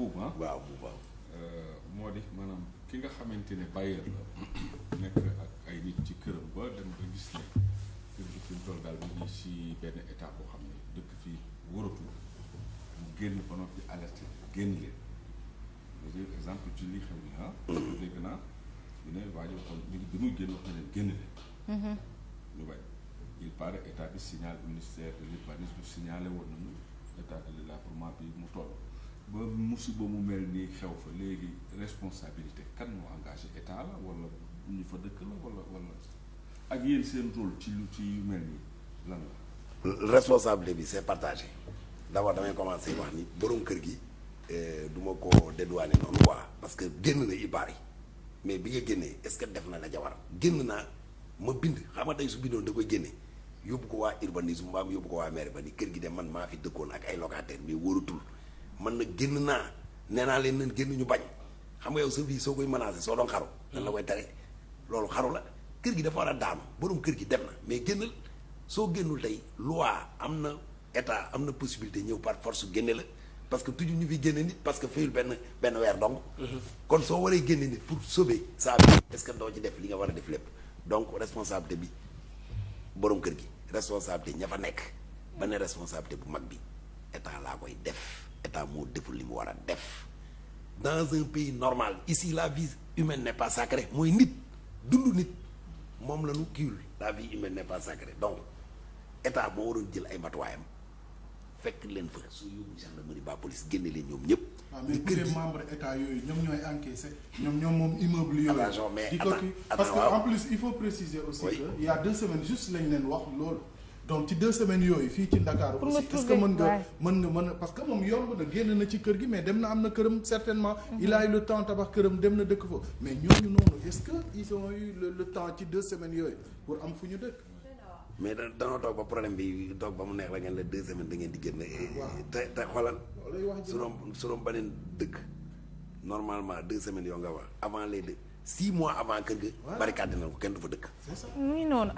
buubu ah. waaw buubu euh, moo di maanaam ki nga xamante ne bailleur la nekk ak ay nit ci këram ba dem ba gis ne kër gi fi mu toll daal ñu si benn état boo xam ne dëkk fi wóoratu mu génn ba noppi ci lii xew ni ah. bi mm-hmm. muy génn leen génn leen. Mm-hmm. il paraît état bi signal ministère de l'urbanisme signalé woon nañu état de l'eau bi mu toll. ba musiba mu mel nii xew fa léegi responsabilité kan moo engagé état la wala ñu fa dëkk la wala wala ak yéen seen rôle ci lu ci yu mel nii lan la. responsabilité bi c'est partagé d'abord damay commencer wax ni borom kër gi eh, du ma ko dédouané noonu quoi parce que génn na ibaar yi mais bi nga génnee est-ce que def na la jawar génn naa ma bind xam nga tey su bindoon da koy génne yóbbu ko waa urbanisme mbaa mu yóbbu ko waa maire ba ni kër gi de man maa fi dëkkoon ak ay locataire mais wóorutul man na génn naa nee naa leen na génn ñu bañ xam nga yow sa vie soo koy menacé soo doon xaru nan la koy tere loolu xaru la kër gi dafa war a daanu borom kër gi dem na mais génnal soo génnul tey loi am na état am na possibilité ñëw par force génne la parce que toujours ñu fi génne nit parce que fii benn benn weer dong mhm. kon soo waree génne nit pour sauver sa vie ce que doo ci def li nga war a def lépp donc responsabilité bi borom kër gi responsabilité ña fa nekk ba ne responsabilité bu mag bi état laa koy def état moo deful li mu war a def dans un pays normal ici la vie humaine n'est pas sacrée mooy nit dund nit moom la ñu kiiwul la vie humaine n'est pas sacrée donc état moo waroon jël ay matuwaayam fekk leen fa su yóbbu gendarmerie ba police génne leen ñoom ñëpp. Ah, mais bu membre état yooyu ñoom ñooy encaissé ñoom ñoom moom immeuble yooyu. attention mais parce que en plus il faut préciser aussi que il y a deux semaines leen wax loolu. donc ci deux semaines yooyu fii ci Dakar aussi est-ce que mën nga mën nga mën parce que moom yomb na génn mhm. a eu dem na dëkk foofu mais que ils ont eu le temps ci deux semaines yooyu mais da danoo toog ba problème bi toog ba mu neex la ngeen la deux semaines da ngeen di génn ah, te te xoolal suroom suroom beneen dëkk normalement deux semaines yoo nga wax avant les deux six mois avant kër ga barricade na ko kenn du fa dëkk